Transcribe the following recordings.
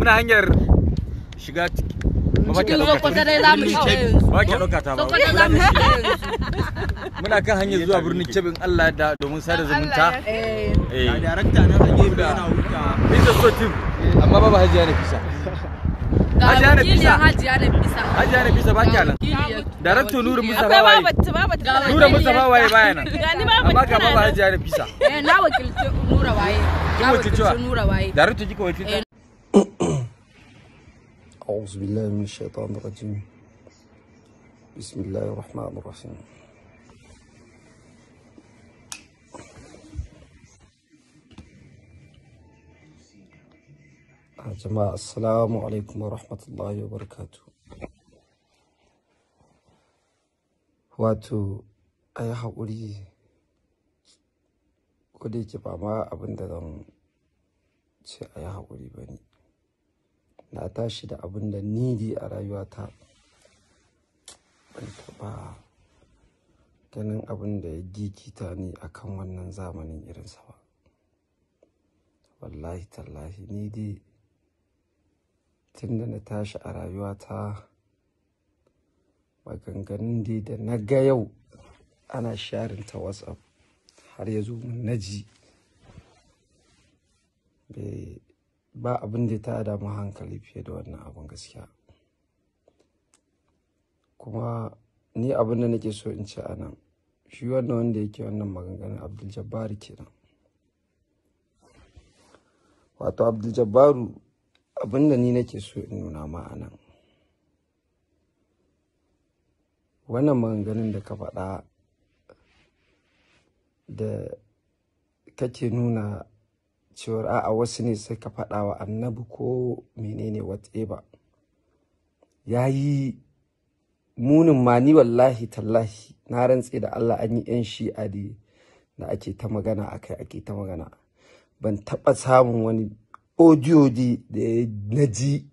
muna hanyar shiga ciki muna kan hanyar zuwa birnin Cebin allah da domin sada zumunta amma ba hajiya fisa hajiya fisa nura mustafa waye nura mustafa waye baya nan amma ga ba hajiya fisa na wakilci nura waye na wakilci nura wakilci أعوذ بالله من الشيطان الرجيم بسم الله الرحمن الرحيم آه، جماعة السلام عليكم ورحمة الله وبركاته واتو a yi haƙuri جبا ما yake ba ma abin da na tashi da abin da nidi a rayuwata ban taɓa ganin abin da ya gigita ni kan wannan zamanin irinsa ba wallahi tallahi ni dai tun da na tashi a rayuwata maganganun dai da na ga yau ana sharin ta whatsapp har ya zo min naji bai ba abin da ta damu hankali fiye da wannan abin gaskiya kuma ni abin da nake so in ce a nan shi wannan wanda yake wannan maganganun abdul jabbaru kenan wato abdul jabbaru abin da ni nake so in nuna ma a nan wannan maganganun da ka faɗa da kake nuna cewar a'a wasu ne suka faɗa wa annabi ko menene whatever ya yi munin mani wallahi tallahi na rantse da Allah an yi yan shi'a da da ake ta magana a kai ake ta magana ban taɓa samun wani audio da na ji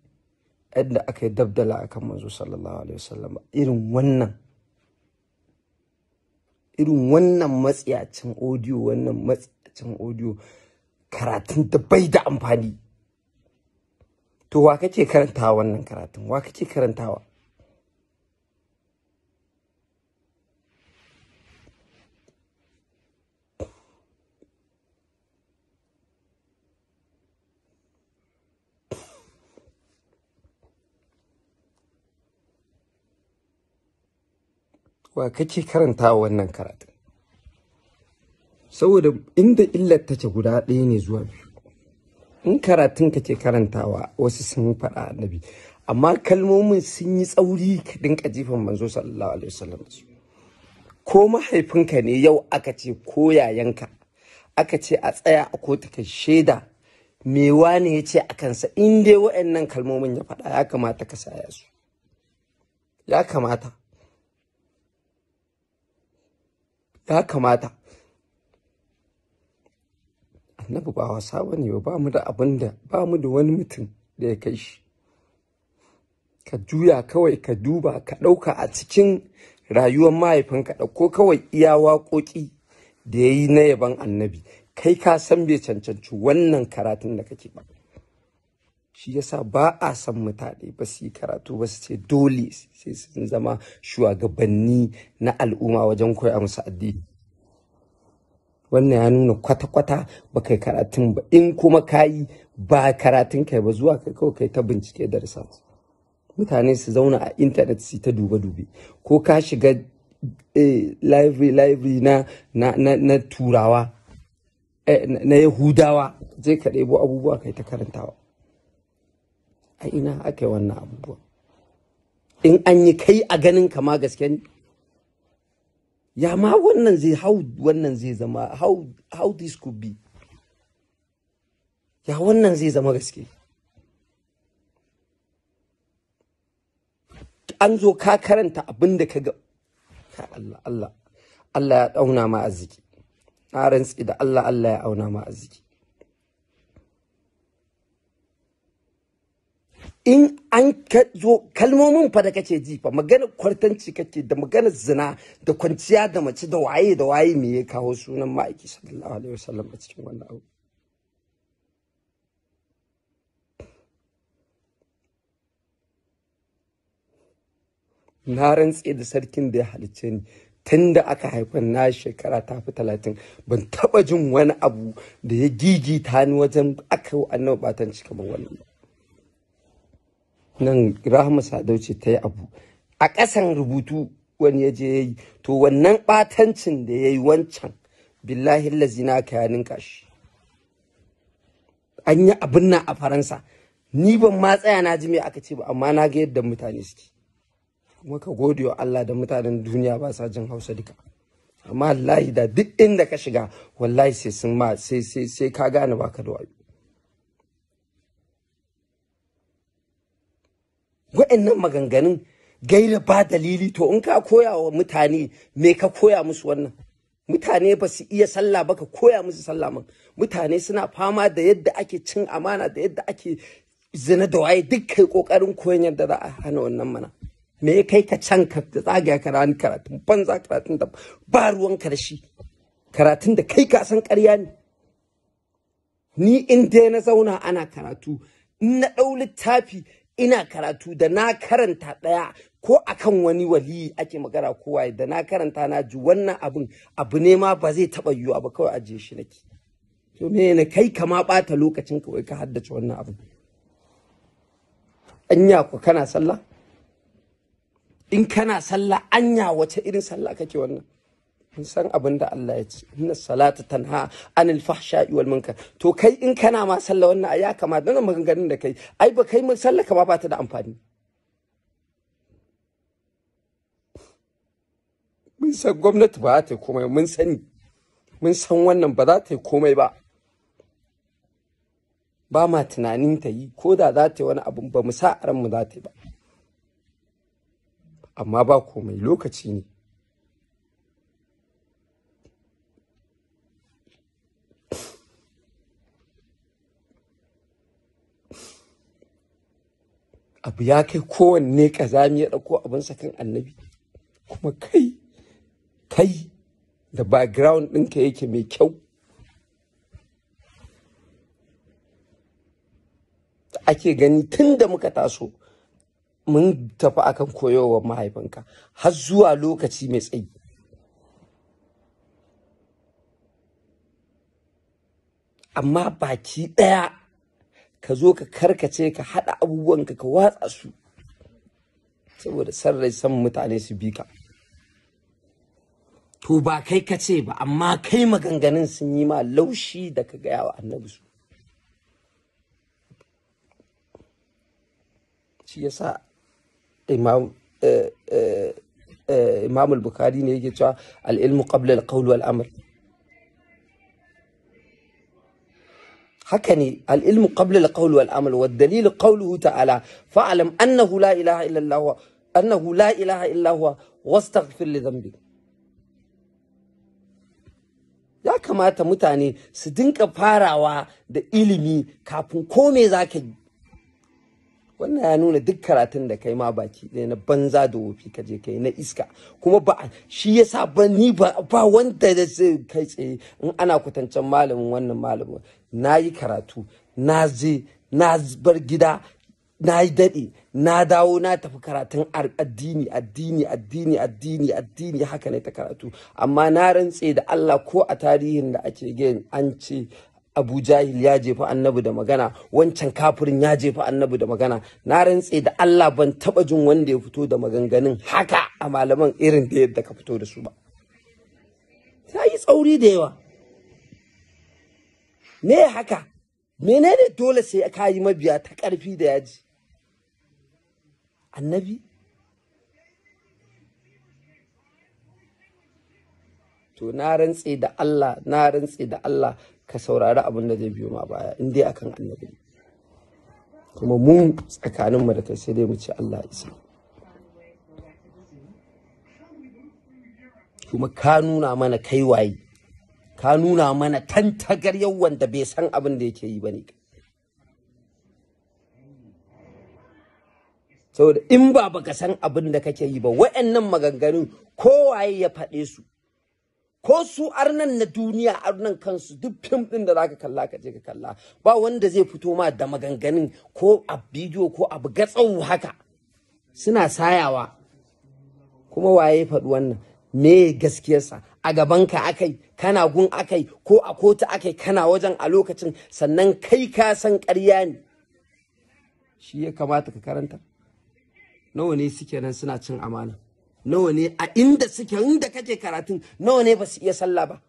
yadda aka yi dabdala akan manzo sallallahu alaihi wasallam irin wannan irin wannan matsiyacin audio wannan matsiyacin audio karatun da bai da amfani to wa kake karantawa wannan karatun wa kake karantawa wa kake karantawa wannan karatun saboda inda illar take guda ɗaya ne zuwa biyu in karatun ka kake karantawa wasu sun faɗa annabi amma kalmomin sun yi tsauri ka dinka jifan manzo sallallahu alaihi wasallam ko mahaifinka ne yau aka ce ko yayanka aka ce a tsaya a kotu ka shaida me wane ya ce a kansa in dai wa'annan kalmomin ya faɗa ya kamata ka saya su ya kamata ya kamata na ba wasa ba ne ba mu da abin da ba mu da wani mutum da ya kai shi ka juya kawai ka duba ka ɗauka a cikin rayuwar mahaifinka ɗauko kawai iya waƙoƙi da ya yi na yaban annabi kai ka san bai cancanci wannan karatun da kake ba shi yasa ba a san mutane ba su yi karatu ba su ce dole sai sun zama shugabanni na al'umma wajen koya musu addini wannan ya nuna kwata-kwata ba kai karatun ba in kuma ka yi ba karatun kai ba zuwa kai kawai kai ta bincike da research mutane su zauna a intanet su ta dube-dube ko ka shiga eh, library library na turawa eh, na yahudawa zai ka ɗebo abubuwa kai ta karantawa a ina aka wannan abubuwa in an yi kai a ganin kama gaske ne ya ma wannan zai hau wannan zai zama how how this could be ya wannan zai zama gaske an zo ka karanta abin da ka ga Allah Allah Allah ya auna ma arziki na rantsi da Allah Allah ya auna ma arziki in an zo kalmomin fa da kake ji fa magana kwartanci kake da magana zina da kwanciya da mace da waye da waye me ya kawo sunan ma'aiki sallallahu alaihi wasallam a cikin wannan abu na rantse da sarkin da ya halicce ni tun da aka haifar na shekara ta fi talatin ban taba jin wani abu da ya gigita ni wajen aka yi annabi batanci kamar wannan nan rahama sadau ce ta yi abu a ƙasan rubutu wani ya je ya yi to wannan ɓatancin da ya yi wancan billahi na ka yanin kashi shi an yi abin nan a faransa ni ban ma tsaya na ji me aka ce ba amma na ga yadda mutane suke kuma ka gode wa Allah da mutanen duniya ba sa jin hausa duka amma wallahi da duk inda ka shiga wallahi sai sun ma sai sai sai ka gane baka da wayo wa'annan maganganun gaira ba dalili to in ka koya wa mutane me ka koya musu wannan mutane ba su iya sallah ba ka koya musu sallah man mutane suna fama da yadda ake cin amana da yadda ake zina da waye duk kai kokarin koyon yadda za a hana wannan mana me kai ka can ka zagaya karatu? Ban banza karatun da ba ruwan shi. karatun da kai ka san ƙarya ne ni in dai na zauna ana karatu in na ɗau littafi ina karatu da na karanta ɗaya ko akan wani waliyi ake magana kowa da na karanta na ji wannan abin abu ne ma ba zai taɓa yiwuwa ba kawai ajiye shi nake to me ne kai kama ɓata lokacin ka wai ka haddace wannan abin anya ku kana sallah in kana sallah anya wace irin sallah kake wannan in san abin da Allah ya ce inna salata tanha anil fahsha'i wal munkar to kai in kana ma sallah wannan ya kamata nan maganganun da kai ai ba kai mun sallaka ba ba ta da amfani mun san gwamnati ba ta yi komai mun sani mun san wannan ba za ta yi komai ba ba ma tunanin ta yi ko da za ta yi wani abu ba mu sa mu za ta yi ba amma ba komai lokaci ne abu ya kai kowanne kazami ya ɗauko abinsa kan annabi kuma kai kai da background ɗinka yake mai kyau ake gani tun da muka taso mun tafi akan koyowar mahaifinka har zuwa lokaci mai tsayi amma baki ɗaya ka zo ka karkace ka haɗa abubuwanka ka watsa su saboda san rai san mutane su bi ka to ba kai ka ce ba amma kai maganganun sun yi ma laushi da ka gaya wa annabi su shi yasa Imamul imam eh, eh, eh, bukhari ne yake cewa al-ilmu qabla al-qawl wal-amr haka ne al'ilmu qabla al-qawl wal amal wa dalil qawluhu ta'ala fa'lam annahu la ilaha illa Allah annahu la ilaha illa huwa wastaghfir li dhanbi ya kamata mutane su dinka farawa da ilimi kafin ko me zaka yi wannan ya nuna duk karatun da kai ma baki ɗaya na banza da wofi ka je kai na iska kuma ba shi yasa ba ni ba wanda da zai kai tsaye in ana kwatancin malamin wannan malamin na yi karatu na je na bar gida na yi daɗe na dawo na tafi karatun addini addini addini addini addini haka ne ta karatu amma na rantse da Allah ko a tarihin da ake gain an ce Abu Jahil ya jefa annabi da magana wancan kafirin ya jefa annabi da magana na rantse da Allah ban taba jin wanda ya fito da maganganun haka a malaman irin da yadda ka fito da su ba ta yi tsauri da yawa me haka menene dole sai ka yi mabiya ta ƙarfi da yaji annabi to na rantse da Allah na rantse da Allah ka saurari abin da zai biyo ma baya in dai akan annabi kuma mu tsakanin mu da kai sai dai mu ce Allah isa kuma ka nuna mana kai waye ka nuna mana tantagar yawan da bai san abin da yake yi bane saboda in ba baka san abin da kake yi ba wa'annan maganganun kowaye ya faɗe su ko su arnan na duniya arnan kansu duk fim din da zaka kalla ka je ka kalla ba wanda zai fito ma da maganganun ko a bidiyo ko a buga gatsau haka suna sayawa kuma waye faɗi wannan me gaskiyarsa a gaban gabanka akai kana gun akai ko a kotu akai kana wajen a lokacin sannan kai ka san ƙarya ne shi ya kamata ka karanta nawa ne suke nan suna cin amana nawa ne a inda suke inda kake karatun nawa ne ba su iya sallah ba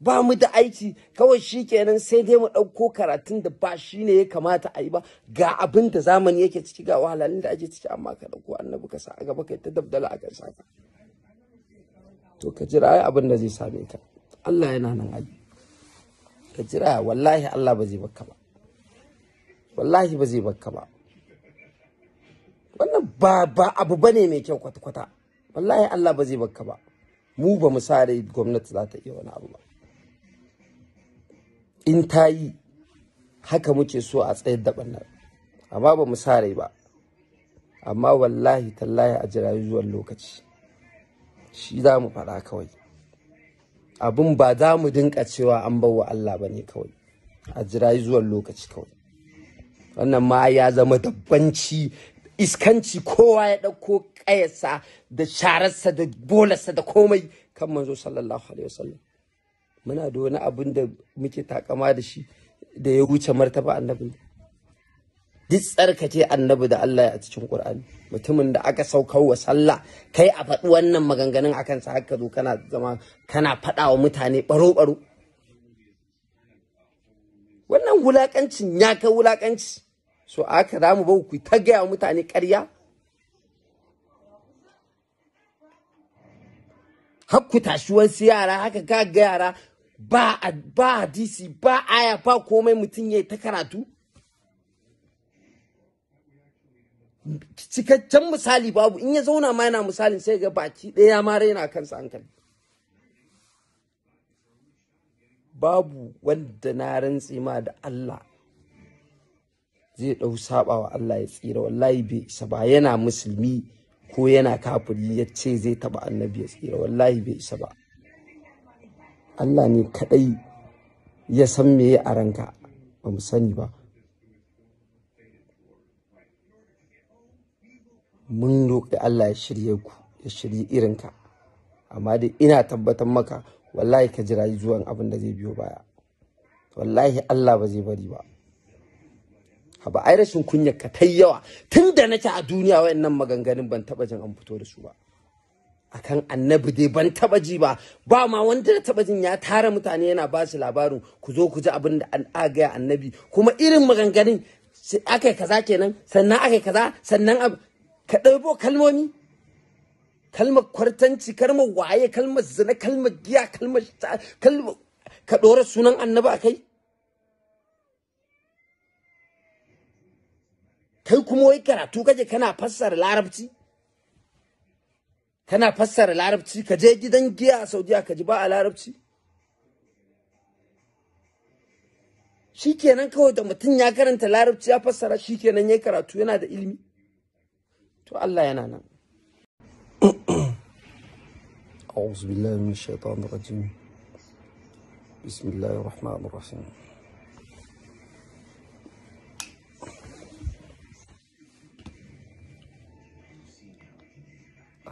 ba mu da aiki kawai shi kenan sai dai mu ɗauko karatun da ba shi ne ya kamata a yi ba ga abin da zamani yake ciki ga wahalalin da ake ciki amma ka ɗauko annabi ka sa a gaba kai ta dabdala a kan saka to ka jira ai abin da zai same ka Allah yana nan aji ka jira wallahi Allah ba zai baka ba wallahi ba zai baka ba ba ba abu bane mai kyau kwata-kwata wallahi Allah ba zai baka ba mu ba mu sare gwamnati za ta iya wani abu ba in ta yi haka muke so a tsayar da ɓannar amma ba mu sare ba amma wallahi tallahi a jira zuwan lokaci shi za mu faɗa kawai abin ba za mu dinka cewa an wa Allah ba ne kawai a jira zuwan lokaci kawai wannan ma ya zama dabbanci iskanci kowa ya ɗauko ƙayarsa da shararsa da bolarsa da komai kan manzo sallallahu alaihi wasallam muna da wani abin da muke takama da shi da ya wuce martaba annabi duk tsarkake annabi da Allah a cikin Qur'ani mutumin da aka saukar wa sallah kai a faɗi wannan maganganun akan sa haka zo kana zama kana faɗa wa mutane baro baro wannan wulakancin ya kai wulakanci so aka za mu ku ta gaya mutane ƙarya hakku tashi wasu yara haka ka ga yara ba ba hadisi ba aya ba komai mutum ya ta karatu cikakken misali babu in ya zauna ma yana misalin sai ga baki ɗaya ma raina kansa hankali babu wanda na rantsi ma da Allah zai ɗau sabawa Allah ya tsira wallahi bai isa ba yana musulmi ko yana kafiri ya ce zai taba annabi ya tsira wallahi bai isa ba Allah ne kadai ya san meye a ranka ba mu sani ba mun roƙi Allah ya shirye ku ya shirye irinka amma dai ina tabbatar maka wallahi ka jira zuwan abin da zai biyo baya wallahi Allah ba zai bari ba haba ai rashin kunyar ka tai yawa tun da nake a duniya wayannan maganganun ban taba jin an fito da su ba akan annabi dai ban taba ji ba ba ma wanda da taba jin ya tara mutane yana ba su labarin ku zo ku ji abin da an agaya annabi kuma irin maganganun akai kaza kenan sannan akai kaza sannan ab ka kalmomi kalmar kwartanci kalmar waye kalmar zina kalmar giya kalmar ka dora sunan annabi akai kai kuma wai karatu kaje kana fassara larabci kana fassara larabci ka je gidan giya a saudiya ka ji ba a larabci shikenan kawai da mutum ya karanta larabci ya fassara shikenan yayi karatu yana da ilimi to Allah yana nan أعوذ بالله من الشيطان الرجيم بسم الله الرحمن الرحيم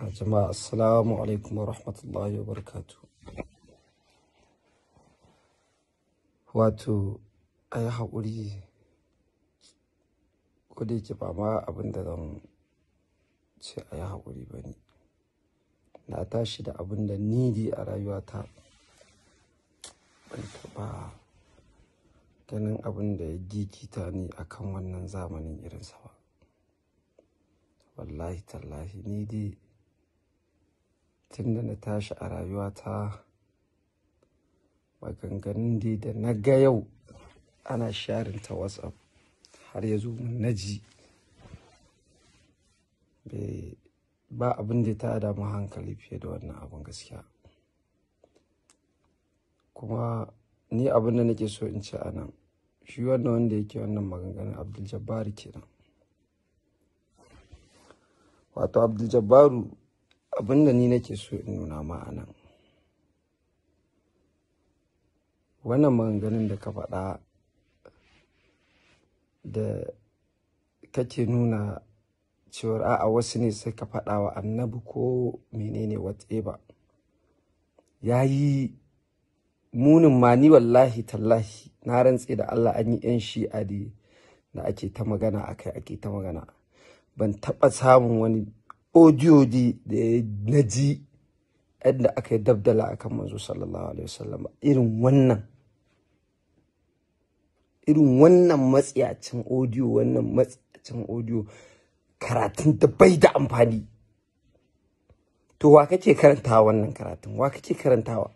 jama'a assalamu alaikum wa rahmatullahi wa barakatu wato a yi haƙuri ko da ba ma abin da zan ce a yi haƙuri ba ne na tashi da abin da nidi a rayuwata ban taɓa ganin abin da ya gigita ni akan wannan zamanin irinsa ba wallahi tallahi ni dai tun da na tashi a rayuwata maganganun dai da na ga yau ana sharin ta whatsapp har ya zo mun naji ji ba abin da ta damu hankali fiye da wannan abin gaskiya kuma ni abin da nake so in ci a nan shi wannan wanda yake wannan maganganun abdul jabbar kenan wato abdul jabbaru abinda ni nake so in nuna ma a nan wannan maganganun da ka faɗa da kake nuna cewar a'a wasu ne ka faɗa wa annabi ko menene whatever ya yi munin ma ni wallahi tallahi na rantse da Allah an yi 'yan shi'a da ake ta magana akai ake ta magana ban taɓa samun wani odiyoji da na ji yadda aka yi dabdala kan manzo sallallahu alaihi wasallam irin wannan irin wannan matsiyacin odiyo wannan matsiyacin odiyo karatun da bai da amfani to wa kake karantawa wannan karatun wa kake karantawa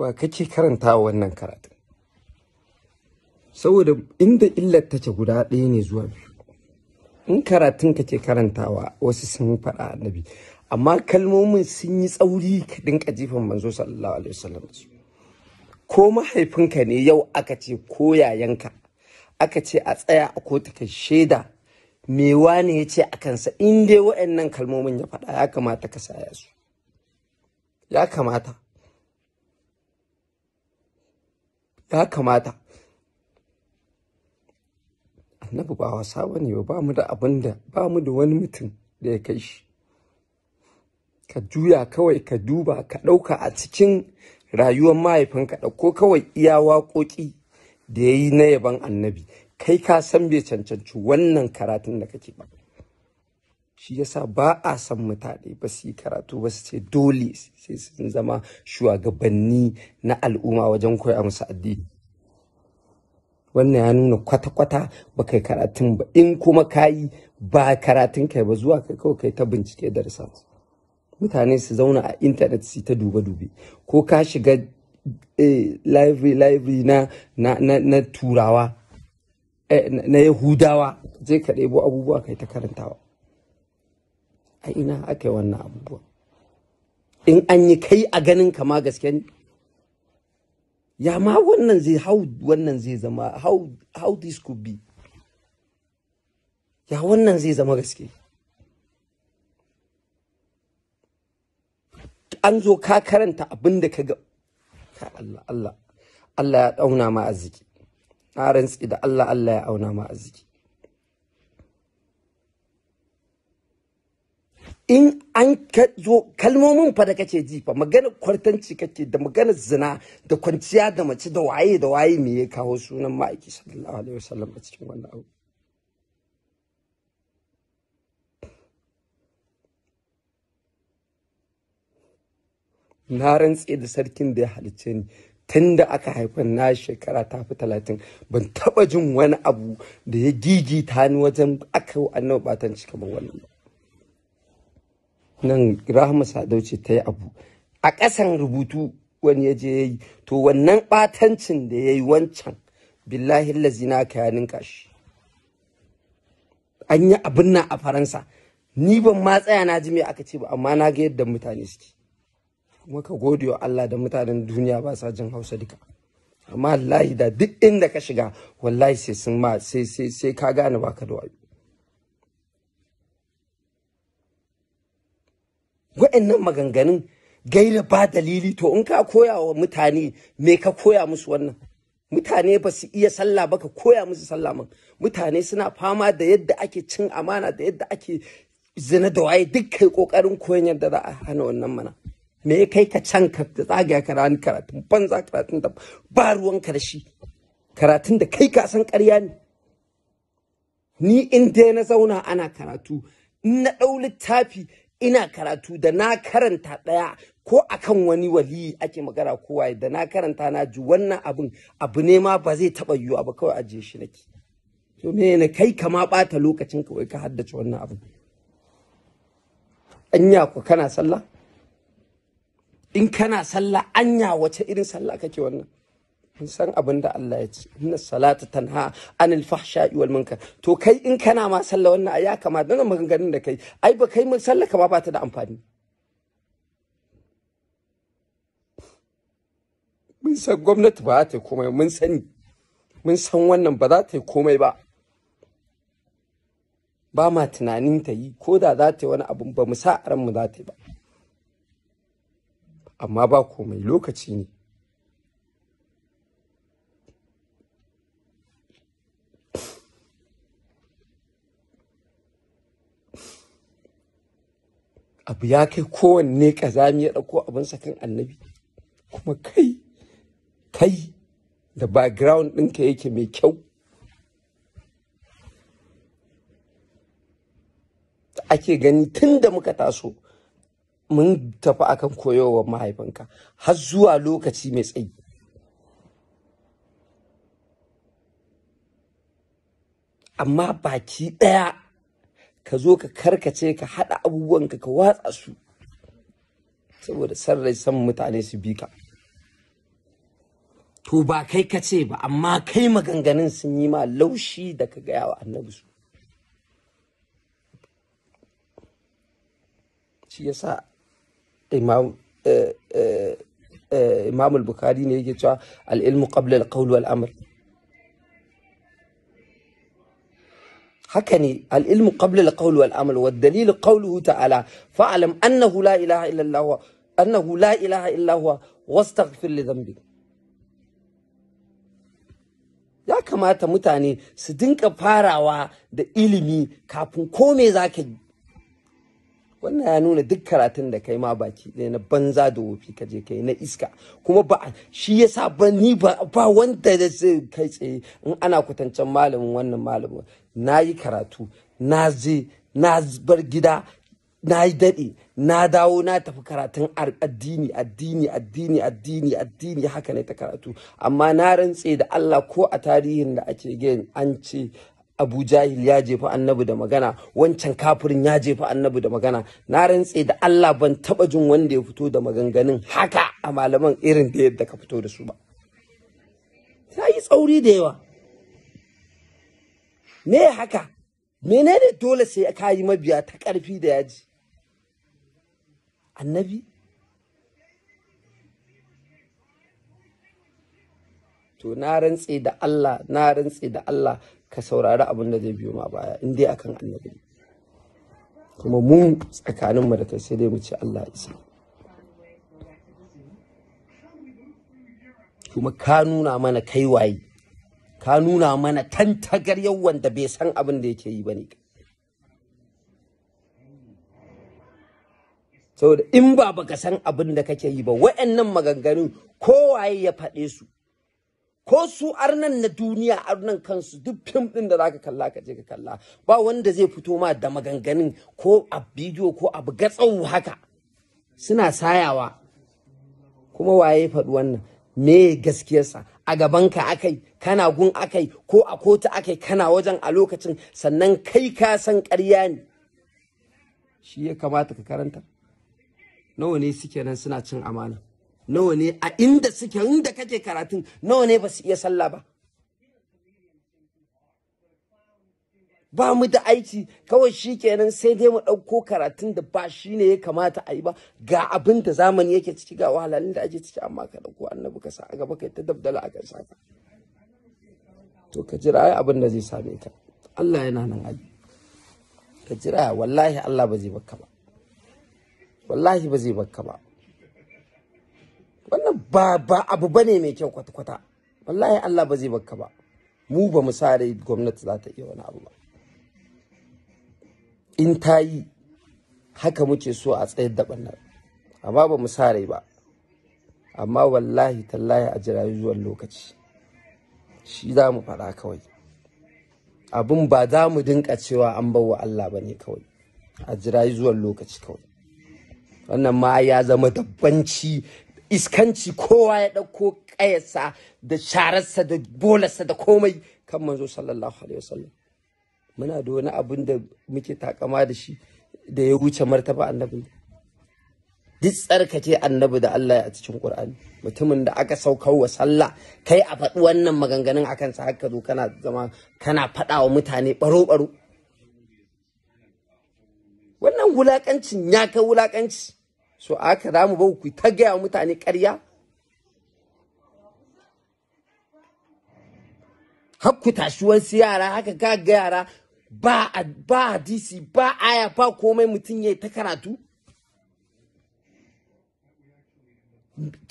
wa kake karanta wannan karatun saboda inda illar take guda ɗaya ne zuwa biyu in karatun kake karantawa wasu sun faɗa na annabi amma kalmomin sun yi tsauri ka dinka jifan manzo sallallahu alaihi wasallam ko mahaifinka ne yau aka ce ko yayanka aka ce a tsaya a kotu ka shaida me wane ya ce a kansa in dai wa'annan kalmomin ya faɗa ya kamata ka saya su ya kamata ya kamata annabi ba wasa ba ne ba mu da abin ba mu da wani mutum da ya kai shi ka juya kawai ka duba ka ɗauka a cikin rayuwar mahaifinka ɗauko kawai iya waƙoƙi da ya yi na yaban annabi kai ka san bai cancanci wannan karatun da kake ba shi yasa ba a san mutane ba su yi karatu ba su ce dole sai sun zama shugabanni na al'umma wajen koya musu addini wannan ya nuna kwata-kwata ba kai karatun ba in kuma kayi ba karatun kai ba zuwa kai kawai kai ta bincike da research mutane su zauna a intanet su ta dube-dube ko ka shiga eh, library library na na turawa eh, na yahudawa zai ka ɗebo abubuwa kai ta karantawa a ina aka yi wannan abubuwa in an yi kai a ganin kama gaske ne ya ma wannan zai hau wannan zai zama how how this could be ya wannan zai zama gaske an zo ka karanta abin da ka ga Allah Allah Allah ya dauna ma arziki na rantsi da Allah Allah ya auna ma arziki in an zo kalmomin fa da kace ji fa magana kwartanci kake da magana zina da kwanciya da mace da waye da waye me ya kawo sunan ma'aiki sallallahu alaihi wasallam a cikin wannan abu na rantse da sarkin da ya halicce ni tun da aka haifar na shekara ta fi talatin ban taba jin wani abu da ya gigita ni wajen aka yi annabi batan wannan nan rahama sadau ce ta yi abu a ƙasan rubutu wani ya je ya yi to wannan ɓatancin da ya yi wancan billahi lazina ka ya ninka shi an yi abin nan a faransa ni ban ma tsaya na ji me aka ce ba amma na ga yadda mutane suke kuma ka gode wa Allah da mutanen duniya ba sa jin Hausa duka amma wallahi da duk inda ka shiga wallahi sai sun ma sai sai sai ka gane baka da wayo wa'annan maganganun gaira ba dalili to in ka koya wa mutane me ka koya musu wannan mutane ba su iya sallah ba ka koya musu sallah man mutane suna fama da yadda ake cin amana da yadda ake zina da waye duk kai kokarin koyon yadda za a hana wannan mana me kai ka can ka tsagaya ka rani karatun banza karatun da ba ruwan shi. karatun da kai ka san ƙarya ne ni in dai na zauna ana karatu in na ɗau littafi ina karatu da na karanta ɗaya ko akan wani waliyi ake magana kowa da na karanta na ji wannan abin abu ne ma ba zai taɓa yiwuwa ba kawai ajiye shi nake to me ne kai kama ɓata lokacin ka wai ka haddace wannan abin anya ku kana sallah in kana sallah anya wace irin sallah kake wannan kun san abin da Allah ya ce inna salata tanha anil fahsha'i wal munkar to kai in kana ma sallah wannan ya kamata nan maganganun da kai ai ba kai mun sallah ba ta da amfani mun san gwamnati ba ta komai mun sani mun san wannan ba za ta yi komai ba ba ma tunanin ta yi ko da za ta yi wani abu ba mu sa mu za ta yi ba amma ba komai lokaci ne abu ya kai kowanne kazami ya ɗauko abin kan annabi kuma kai kai da background ɗinka yake mai kyau ake gani tun da muka taso mun tafi akan koyowar mahaifinka har zuwa lokaci mai tsayi amma baki ɗaya ka zo ka karkace ka haɗa abubuwanka ka watsa su saboda san rai san mutane su bi ka to ba kai ka ce ba amma kai maganganun sun yi ma laushi da ka gaya wa annabi su shi yasa imam eh, eh, eh, imam al-bukhari ne yake cewa al-ilmu qabla al-qawl wal-amr haka ne al'ilmu qabla al-qawl wal amal wa dalil qawluhu ta'ala fa'lam annahu la ilaha illa Allah annahu la ilaha illa huwa wastaghfir li dhanbi ya kamata mutane su dinka farawa da ilimi kafin ko me zaka yi wannan ya nuna duk karatun da kai ma baki ɗaya na banza da wofi kaje kai na iska kuma ba shi yasa ba ni ba wanda da zai kai tsaye in ana kwatancin malamin wannan malamin na yi karatu na je na bar gida na yi daɗe na dawo na tafi karatun addini addini addini addini addini haka ne ta karatu amma na rantse da Allah ko a tarihin da ake gain an ce Abu Jahil ya jefa annabi da magana wancan kafirin ya jefa annabi da magana na rantse da Allah ban taba jin wanda ya fito da maganganun haka a malaman irin da yadda ka fito da su ba ta yi tsauri da yawa me haka menene dole sai ka yi mabiya ta ƙarfi da yaji annabi to na rantse da Allah na rantse da Allah ka saurari abin da zai biyo ma baya in dai akan annabi kuma mu tsakanin mu da kai sai dai mu ce Allah isa kuma ka nuna mana kai waye ka nuna mana tantagar yawan da bai san abin da yake yi bane saboda in ba baka san abin da kake yi ba wa'annan maganganun kowaye ya faɗe su ko su arnan na duniya arnan kansu duk fim din da zaka kalla ka je ka kalla ba wanda zai fito ma da maganganun ko a bidiyo ko buga gatsau haka suna sayawa kuma waye faɗi wannan me gaskiyarsa a gaban gabanka akai kana gun akai ko a kotu akai kana wajen a lokacin sannan kai ka san ƙarya ne shi ya kamata ka karanta nawa ne suke nan suna cin amana nawa ne a inda suke inda kake karatun nawa ne ba su iya sallah ba ba mu da aiki kawai shi kenan sai dai mu ɗauko karatun da ba shi ne ya kamata a yi ba ga abin da zamani yake ciki ga wahalalin da ake ciki amma ka ɗauko annabi ka sa a gaba kai ta dabdala a kan saka to ka jira ai abin da zai same ka Allah yana nan aji. ka jira wallahi Allah ba zai baka ba wallahi ba zai baka ba wannan ba ba abu bane mai kyau kwata-kwata wallahi Allah ba zai baka ba mu ba mu sare gwamnati za ta iya wani abu ba in ta yi haka muke so a tsayar da bannan amma ba mu sare ba amma wallahi tallahi a jira zuwan lokaci shi za mu faɗa kawai abin ba za mu dinka cewa an wa Allah ba ne kawai a jira zuwan lokaci kawai wannan ma ya zama dabbanci iskanci kowa ya ɗauko ƙayarsa da shararsa da bolarsa da komai kan manzo sallallahu alaihi wasallam muna da wani abin da muke takama da shi da ya wuce martaba annabi duk tsarkake annabi da Allah ya cikin Qur'ani mutumin da aka saukar wa sallah kai a faɗi wannan maganganun akan sa haka zo kana zama kana faɗa wa mutane baro baro wannan wulaƙancin ya kai wulaƙanci so aka za mu ku ta gaya mutane karya? hakku tashi wasu yara haka ka ga yara ba ba hadisi ba aya ba komai mutum ya ta karatu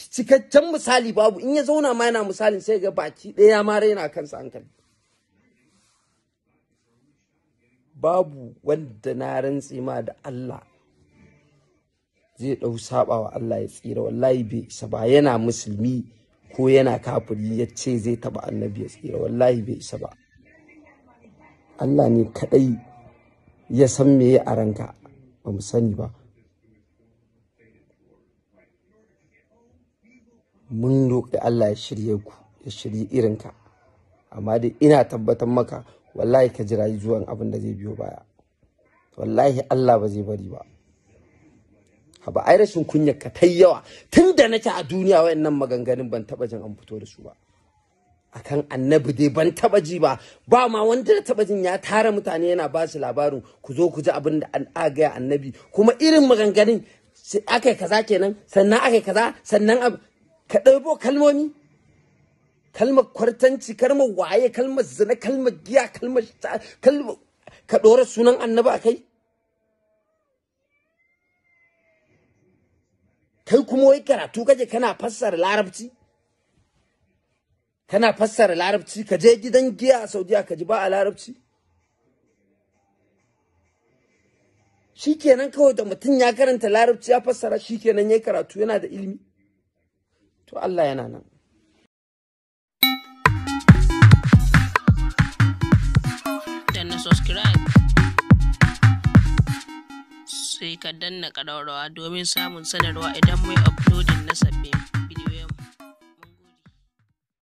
cikakken misali babu in ya zauna ma yana misalin sai ga baki ɗaya ma raina kansa hankali babu wanda na rantsi ma da Allah zai ɗau sabawa Allah ya tsira wallahi bai isa ba yana musulmi ko yana kafiri ya ce zai taba annabi ya tsira wallahi bai isa ba Allah ne kadai ya san meye a ranka ba mu sani ba mun roƙi Allah ya shirye ku ya shirye irinka amma dai ina tabbatar maka wallahi ka jira zuwan abin da zai biyo baya wallahi Allah ba zai bari ba haba ai rashin kunyar ka tai yawa tun da nake a duniya wayannan maganganun ban taba jin an fito da su ba akan annabi dai ban taba ji ba ba ma wanda da taba jin ya tara mutane yana ba su labarin ku zo ku ji abin da an agaya annabi kuma irin maganganun akai kaza kenan sannan akai kaza sannan ab ka dabo kalmomi kalmar kwartanci kalmar waye kalmar zina kalmar giya kalmar ka dora sunan annabi akai kai kuma wai karatu kaje kana fassara larabci kana fassara larabci ka je gidan giya a saudiya ka ji ba a larabci shikenan kawai da mutum ya karanta larabci ya fassara shikenan yayi karatu yana da ilimi to Allah yana nan sai ka danna ƙararrawa domin samun sanarwa idan yi uploading na sabbin